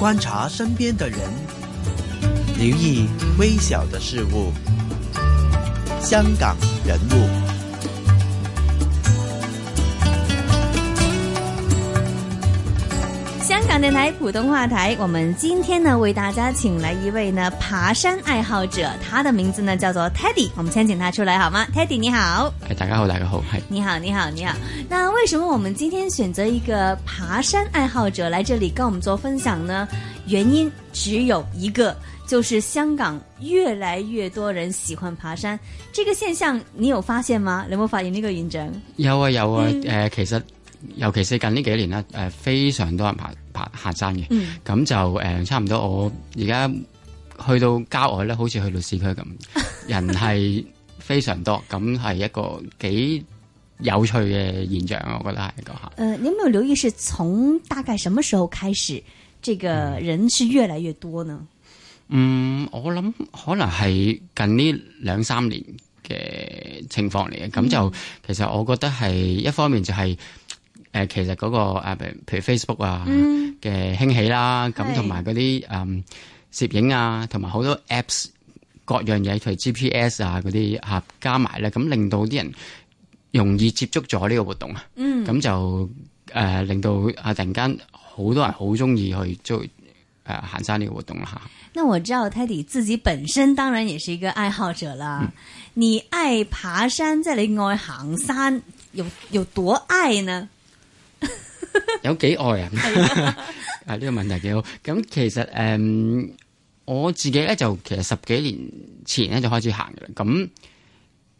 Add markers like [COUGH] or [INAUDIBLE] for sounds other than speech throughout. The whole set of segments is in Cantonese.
觀察身邊的人，留意微小的事物。香港人物。電台普通話台，我們今天呢為大家請來一位呢爬山愛好者，他的名字呢叫做 Teddy。我們先請他出來好嗎？Teddy，你好。大家好，大家好，係，你好，你好，你好。那為什麼我們今天選擇一個爬山愛好者來這裏跟我們做分享呢？原因只有一個，就是香港越來越多人喜歡爬山。這個現象你有發現嗎？有冇有發現呢個現象？有啊，有啊。嗯呃、其實尤其是近呢幾年呢、呃，非常多人爬山。爬下山嘅，咁、嗯、就誒、嗯，差唔多。我而家去到郊外咧，好似去到市區咁， [LAUGHS] 人係非常多，咁係一個幾有趣嘅現象，我覺得係一、那個吓。誒、呃，你有冇有留意，是從大概什麼時候開始，這個人是越來越多呢？嗯，嗯，我諗可能係近呢兩三年嘅情況嚟嘅，咁就、嗯、其實我覺得係一方面就係、是。誒、呃，其實嗰、那個誒，譬如 Facebook 啊嘅、嗯、興起啦，咁同埋嗰啲誒攝影啊，同埋好多 apps，各樣嘢譬如 GPS 啊嗰啲吓加埋咧，咁令到啲人容易接觸咗呢個活動、嗯呃、啊，咁就誒令到啊突然間好多人好中意去做誒、呃、行山呢個活動啦吓。那我知道 Teddy 自己本身當然也是一個愛好者啦，嗯、你愛爬山即係你愛行山，嗯、有有多愛呢？ [LAUGHS] 有幾愛 [LAUGHS] 啊！係、這、呢個問題幾好。咁其實誒、嗯，我自己咧就其實十幾年前咧就開始行嘅啦。咁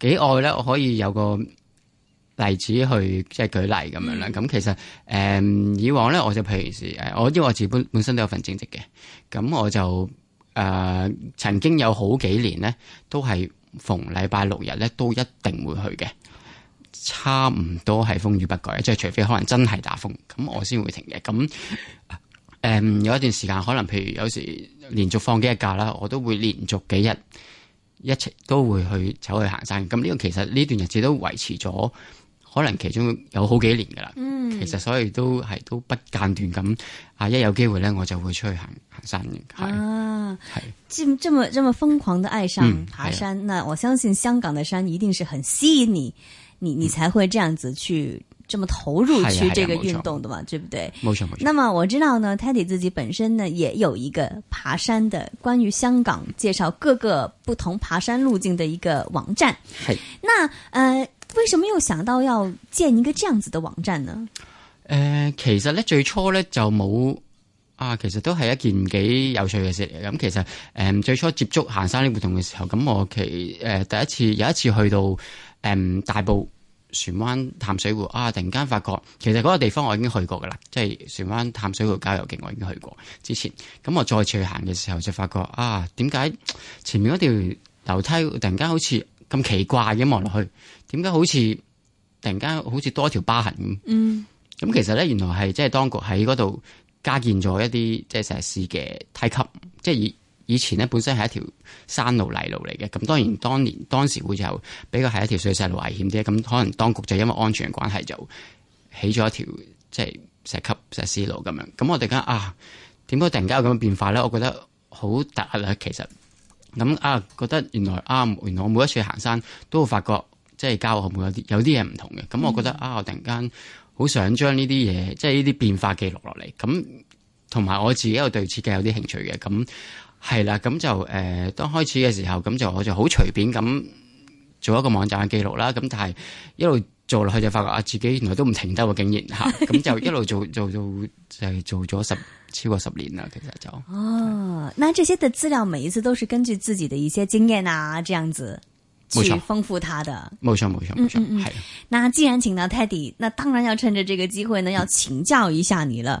幾愛咧，我可以有個例子去即係、就是、舉例咁、嗯、樣啦。咁其實誒、嗯，以往咧我就譬如是誒，我因為我自己本身都有份正職嘅，咁我就誒、呃、曾經有好幾年咧都係逢禮拜六日咧都一定會去嘅。差唔多係風雨不改，即係除非可能真係打風，咁我先會停嘅。咁誒、嗯，有一段時間可能，譬如有時連續放幾日假啦，我都會連續幾日一直都會去走去行山。咁呢個其實呢段日子都維持咗，可能其中有好幾年噶啦。嗯、其實所以都係都不間斷咁啊！一有機會呢，我就會出去行行山嘅。係、係、啊是，這麼這麼瘋狂的愛上爬山，嗯、那我相信香港的山一定是很吸引你。你你才會這樣子去這麼投入去這個運動的嘛，係、係、冇錯，對不對？冇錯冇錯。那麼我知道呢，Teddy 自己本身呢也有一個爬山的，關於香港介紹各個不同爬山路徑的一個網站。係。那，呃，為什麼又想到要建一個這樣子的網站呢？呃其實呢最初呢就冇啊，其實都係一件幾有趣嘅事。咁其實誒、呃、最初接觸行山呢活動嘅時候，咁我其誒、呃、第一次有一次去到。誒、嗯、大埔船灣淡水湖啊！突然間發覺，其實嗰個地方我已經去過噶啦，即係船灣淡水湖郊遊徑我已經去過之前，咁我再次去行嘅時候就發覺啊，點解前面嗰條樓梯突然間好似咁奇怪咁望落去？點解好似突然間好似多一條疤痕咁？嗯，咁其實咧原來係即係當局喺嗰度加建咗一啲即係石屎嘅梯級，即係以。以前呢本身係一條山路泥路嚟嘅，咁當然當年、嗯、當時會有比較係一條碎石路危險啲，咁可能當局就因為安全關係就起咗一條即係、就是、石級石屎路咁樣。咁我突然間啊，點解突然間有咁嘅變化咧？我覺得好突啦，其實咁啊，覺得原來啊，原來我每一次行山都會發覺即係教學會有啲有啲嘢唔同嘅，咁我覺得啊，我突然間好想將呢啲嘢即係呢啲變化記錄落嚟咁。同埋我自己又對設計有啲興趣嘅，咁係啦，咁就誒、呃，當開始嘅時候，咁就我就好隨便咁做一個網站嘅記錄啦，咁但係一路做落去就發覺啊，自己原來都唔停得喎，竟然吓，咁就一路做 [LAUGHS] 做到就係做咗十超過十年啦，其實就哦，那這些的資料每一次都是根據自己的一些經驗啊，這樣子去豐富它的，冇錯冇錯冇錯，係。那既然請到 Teddy，那當然要趁住這個機會呢，要請教一下你啦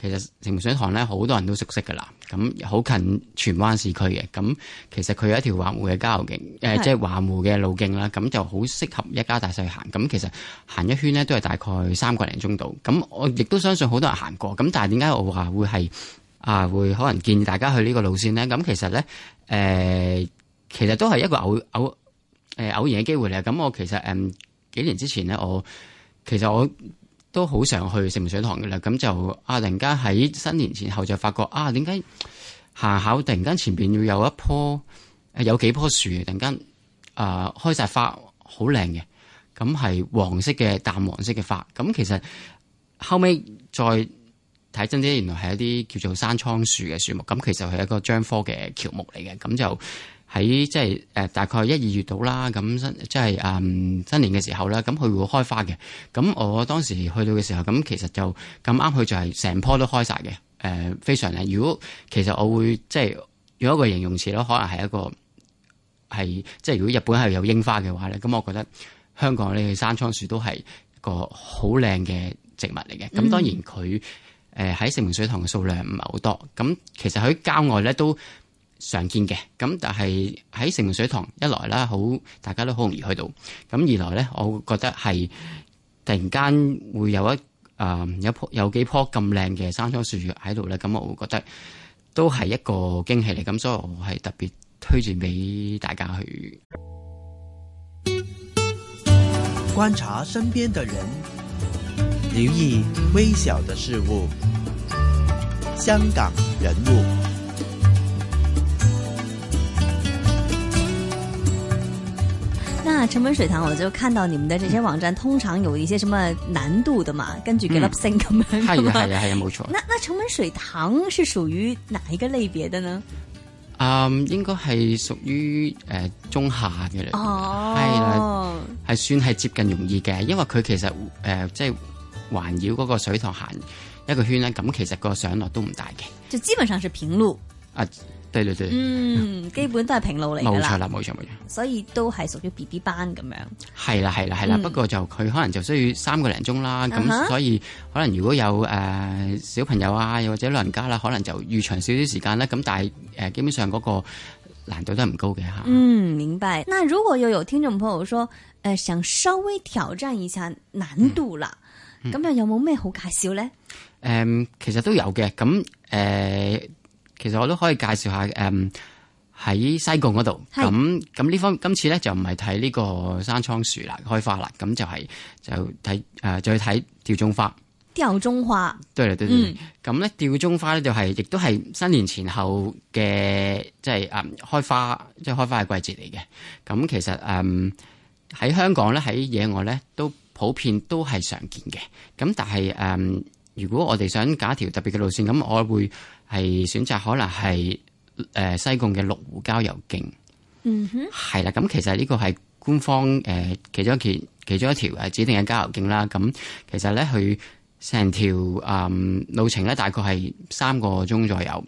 其實城門水塘咧，好多人都熟悉㗎喇。咁好近荃灣市區嘅，咁其實佢有一條環湖嘅郊遊徑，誒的即係環湖嘅路徑啦。咁就好適合一家大細行。咁其實行一圈咧，都係大概三個零鐘度。咁我亦都相信好多人行過。咁但係點解我話會係啊？會可能建議大家去呢個路線咧？咁其實咧，誒、呃、其實都係一個偶偶誒、呃、偶然嘅機會嚟。咁我其實誒、嗯、幾年之前咧，我其實我。都好想去食水塘嘅啦，咁就啊，突然間喺新年前後就發覺啊，點解行口突然間前邊要有一棵有幾棵樹突然間誒、呃、開晒花，好靚嘅。咁係黃色嘅淡黃色嘅花，咁其實後尾再睇真啲，原來係一啲叫做山蒼樹嘅樹木，咁其實係一個樟科嘅喬木嚟嘅，咁就。喺即係大概一、二月度啦，咁新即係誒新年嘅時候啦，咁佢會開花嘅。咁我當時去到嘅時候，咁其實就咁啱佢就係成棵都開晒嘅，誒、呃、非常靚。如果其實我會即係用一個形容詞咯，可能係一個係即係如果日本係有櫻花嘅話咧，咁我覺得香港樹、嗯呃、呢，嘅山櫻樹都係個好靚嘅植物嚟嘅。咁當然佢誒喺城門水塘嘅數量唔係好多，咁其實喺郊外咧都。常見嘅，咁但係喺城門水塘一來啦，好大家都好容易去到，咁二來咧，我會覺得係突然間會有一啊有棵有幾棵咁靚嘅山松樹喺度咧，咁我會覺得都係一個驚喜嚟，咁所以我係特別推薦俾大家去觀察身邊嘅人，留意微小嘅事物，香港人物。那城門水塘，我就看到你們的這些網站通常有一些什麼難度的嘛？根據、嗯、幾粒星咁樣，係啊係啊係啊，冇錯。沒錯那那城門水塘是屬於哪一個類別的呢？嗯、應該係屬於誒中下嘅哦，係啦，係算係接近容易嘅，因為佢其實誒即係環繞嗰個水塘行一個圈呢。咁其實個上落都唔大嘅。就基本上是平路啊。呃對對對，嗯，基本都係平路嚟啦。冇錯啦，冇錯冇錯，錯錯，所以都係屬於 BB 班咁樣，係啦係啦係啦，不過就佢可能就需要三個零鐘啦，咁、嗯、所以、嗯、可能如果有誒、呃、小朋友啊，又或者老人家啦，可能就預長少少時間咧，咁但係誒、呃、基本上嗰個難度都係唔高嘅吓。嗯，明白。那如果又有聽眾朋友說，誒、呃、想稍微挑戰一下難度啦，咁、嗯嗯、有冇咩好介紹咧？誒、嗯，其實都有嘅，咁誒。呃其實我都可以介紹一下，誒、嗯、喺西貢嗰度，咁咁呢方今次咧就唔係睇呢個山蒼樹啦，開花啦，咁就係、是、就睇誒，再、呃、睇吊鐘花。吊鐘花，對對對，咁咧、嗯、吊鐘花咧就係亦都係新年前後嘅，即係誒開花，即、就、係、是、開花嘅季節嚟嘅。咁、嗯、其實誒喺、嗯、香港咧，喺野外咧都普遍都係常見嘅。咁但係誒。嗯如果我哋想揀一條特別嘅路線，咁我會係選擇可能係誒、呃、西貢嘅鹿湖郊遊徑，嗯哼、mm，係、hmm. 呃、啦。咁其實呢個係官方誒其中一其其中一條誒指定嘅郊遊徑啦。咁其實咧佢成條誒路程咧，大概係三個鐘左右。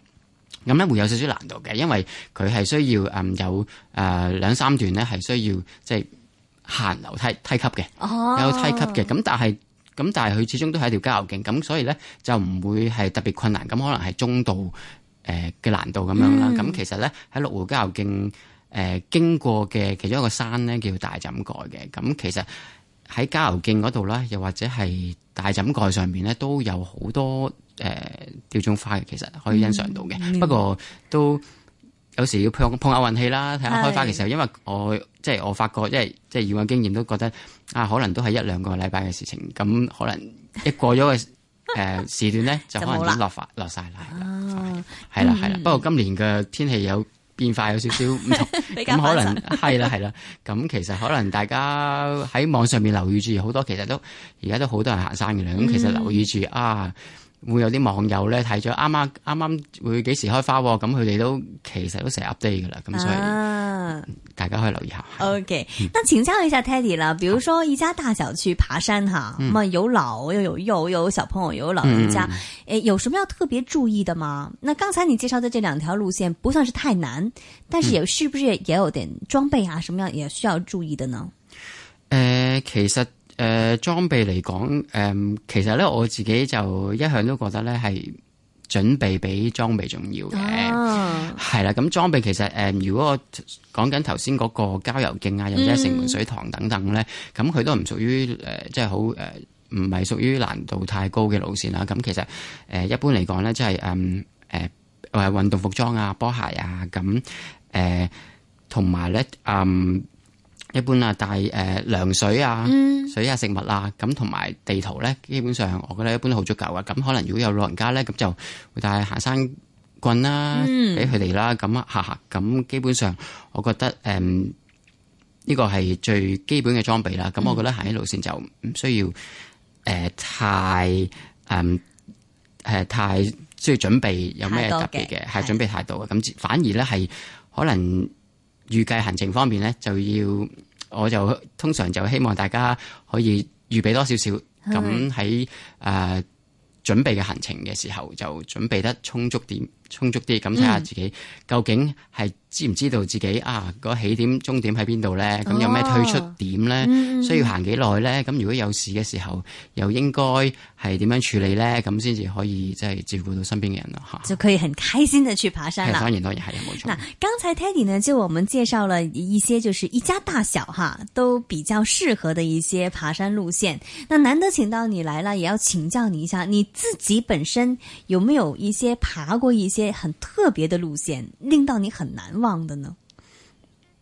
咁咧會有少少難度嘅，因為佢係需要誒、嗯、有誒兩、呃、三段咧係需要即係、就是、行樓梯梯,梯級嘅，有梯級嘅。咁、oh. 但係。咁但係佢始終都係一條郊遊徑，咁所以咧就唔會係特別困難，咁可能係中度嘅、呃、難度咁樣啦。咁、嗯、其實咧喺鹿湖郊遊徑誒經過嘅其中一個山咧叫大枕蓋嘅，咁其實喺郊遊徑嗰度啦，又或者係大枕蓋上面咧都有好多誒、呃、吊鐘花嘅，其實可以欣賞到嘅。嗯、不過都，有時要碰碰下運氣啦，睇下開花嘅時候。因為我即係我發覺，因為即係即係以往經驗都覺得啊，可能都係一兩個禮拜嘅事情。咁可能一過咗嘅誒時段咧， [LAUGHS] 就可能落花落晒啦。哦，係啦係啦。嗯、不過今年嘅天氣有變化，有少少唔同。咁可能係啦係啦。咁 [LAUGHS] 其實可能大家喺網上面留意住好多，其實都而家都好多人行山嘅啦。咁、嗯、其實留意住啊。會有啲網友咧睇咗啱啱啱啱會幾時開花咁，佢哋都其實都成日 update 噶啦，咁、啊、所以大家可以留意下。OK，那請教一下 Teddy 啦， [LAUGHS] 比如說一家大小去爬山哈，咁、嗯、有老又有，有幼又有小朋友，又有老人家，誒、嗯欸，有什麼要特別注意的嗎？那剛才你介紹的這兩條路線不算是太難，但是也是不是也有點裝備啊？什麼樣也需要注意的呢？誒、嗯呃，其實。誒，裝、呃、備嚟講，誒、嗯，其實咧我自己就一向都覺得咧係準備比裝備重要嘅，係啦、啊。咁裝備其實，誒、呃，如果我講緊頭先嗰個郊遊徑啊，或者城門水塘等等咧，咁佢、嗯、都唔屬於誒，即係好誒，唔係屬於難度太高嘅路線啦、啊。咁其實，誒、呃，一般嚟講咧，即係誒，誒、呃，誒、呃，運動服裝啊，波鞋啊，咁，誒、呃，同埋咧，嗯、呃。一般啊，帶誒涼水啊，水啊、食物啊，咁同埋地圖咧，基本上我覺得一般都好足夠啊。咁可能如果有老人家咧，咁就會帶行山棍啦，俾佢哋啦。咁啊哈哈。咁基本上我覺得誒呢、嗯這個係最基本嘅裝備啦。咁我覺得行喺路線就唔需要誒、嗯呃、太誒誒、嗯呃、太需要準備有咩特別嘅，係是準備太多啊。咁反而咧係可能。預計行程方面呢，就要我就通常就希望大家可以預備多少少，咁喺誒準備嘅行程嘅時候就準備得充足點充足啲，咁睇下自己、嗯、究竟係知唔知道自己啊個起點終點喺邊度咧？咁、哦、有咩退出點咧？需、嗯、要行幾耐咧？咁如果有事嘅時候，又應該係點樣處理咧？咁先至可以即係、就是、照顧到身邊嘅人咯吓，就可以很開心的去爬山啦。爬山當然係冇錯，嗱，剛才 Teddy 呢，就我們介紹了一些就是一家大小哈都比較適合的一些爬山路綫，那難得請到你來啦，也要請教你一下，你自己本身有沒有一些爬過一些？很特別的路線令到你很難忘的呢？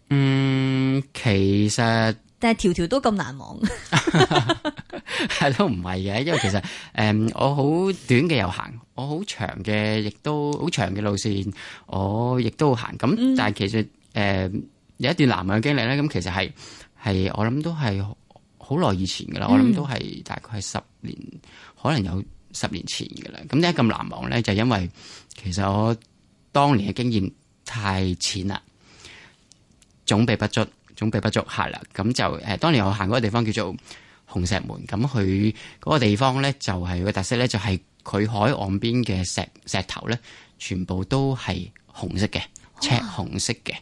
嗯，其實但係條條都咁難忘，係 [LAUGHS] 都唔係嘅，因為其實誒、嗯，我好短嘅又行，我好長嘅亦都好長嘅路線，我亦都行。咁但係其實誒、嗯、有一段難忘嘅經歷咧，咁其實係係我諗都係好耐以前噶啦，我諗都係大概係十年，嗯、可能有。十年前嘅啦，咁點解咁難忘咧，就係、因為其實我當年嘅經驗太淺啦，準備不足，準備不足，係啦，咁就誒，當年我行嗰個地方叫做紅石門，咁佢嗰個地方咧就係、是那個特色咧，就係、是、佢海岸邊嘅石石頭咧，全部都係紅色嘅，赤紅色嘅，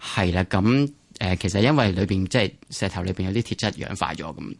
係啦、哦，咁、呃、其實因為裏面，即、就、係、是、石頭裏面有啲鐵質氧化咗咁。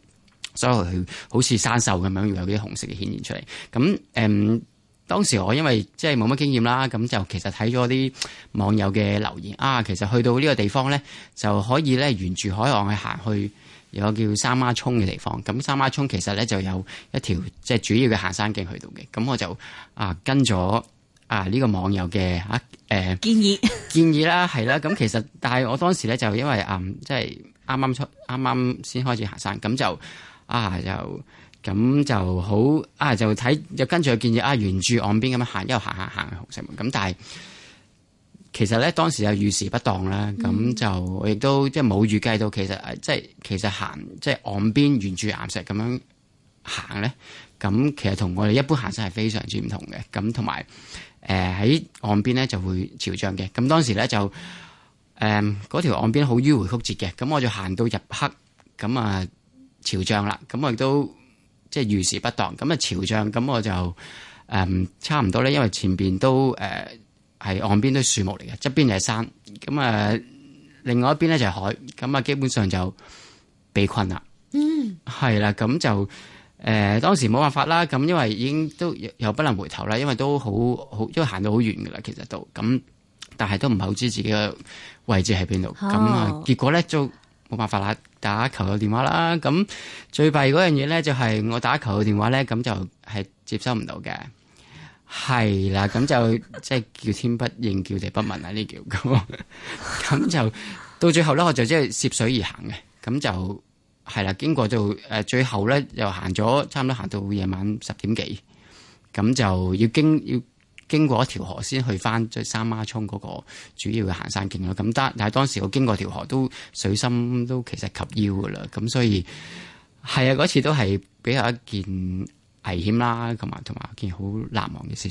所以佢好似生鏽咁樣，要有啲紅色嘅顯現出嚟。咁誒、嗯，當時我因為即係冇乜經驗啦，咁就其實睇咗啲網友嘅留言啊。其實去到呢個地方咧，就可以咧沿住海岸去行去有個叫三椏涌嘅地方。咁三椏涌其實咧就有一條即係、就是、主要嘅行山徑去到嘅。咁我就啊跟咗啊呢、這個網友嘅啊、呃、建議建議啦，係啦。咁其實但係我當時咧就因為啊、嗯，即係啱啱出啱啱先開始行山咁就。啊就咁就好啊，就睇又跟住又見住啊，沿住岸邊咁行，一路行行行紅石門咁，但係其實咧當時又遇事不當啦，咁、嗯、就我亦都即係冇預計到其實、啊、即係其實行即係岸邊沿住岩石咁樣行咧，咁其實同我哋一般行山係非常之唔同嘅。咁同埋誒喺岸邊咧就會潮漲嘅。咁當時咧就誒嗰、呃、條岸邊好迂迴曲折嘅，咁我就行到入黑咁啊～潮漲啦，咁我亦都即係如時不當，咁啊潮漲，咁我就誒、嗯、差唔多咧，因為前面都誒係、呃、岸邊都樹木嚟嘅，側邊就係山，咁啊另外一邊咧就係海，咁啊基本上就被困啦。嗯，係啦，咁就誒、呃、當時冇辦法啦，咁因為已經都又不能回頭啦，因為都好好，因為行到好遠嘅啦，其實都咁，但係都唔係好知自己嘅位置喺邊度，咁啊、哦、結果咧就。冇辦法啦，打求救電話啦。咁最弊嗰樣嘢咧，就係、是、我打求救電話咧，咁就係接收唔到嘅。係啦，咁就 [LAUGHS] 即係叫天不應，叫地不聞啊！呢叫咁就到最後咧，我就即係涉水而行嘅。咁就係啦，經過到誒、呃，最後咧又行咗，差唔多行到夜晚十點幾，咁就要經要。經過一條河先去翻即三丫涌嗰個主要嘅行山徑咯，咁當但係當時我經過條河都水深都其實及腰噶啦，咁所以係啊嗰次都係比較一件危險啦，同埋同埋一件好難忘嘅事。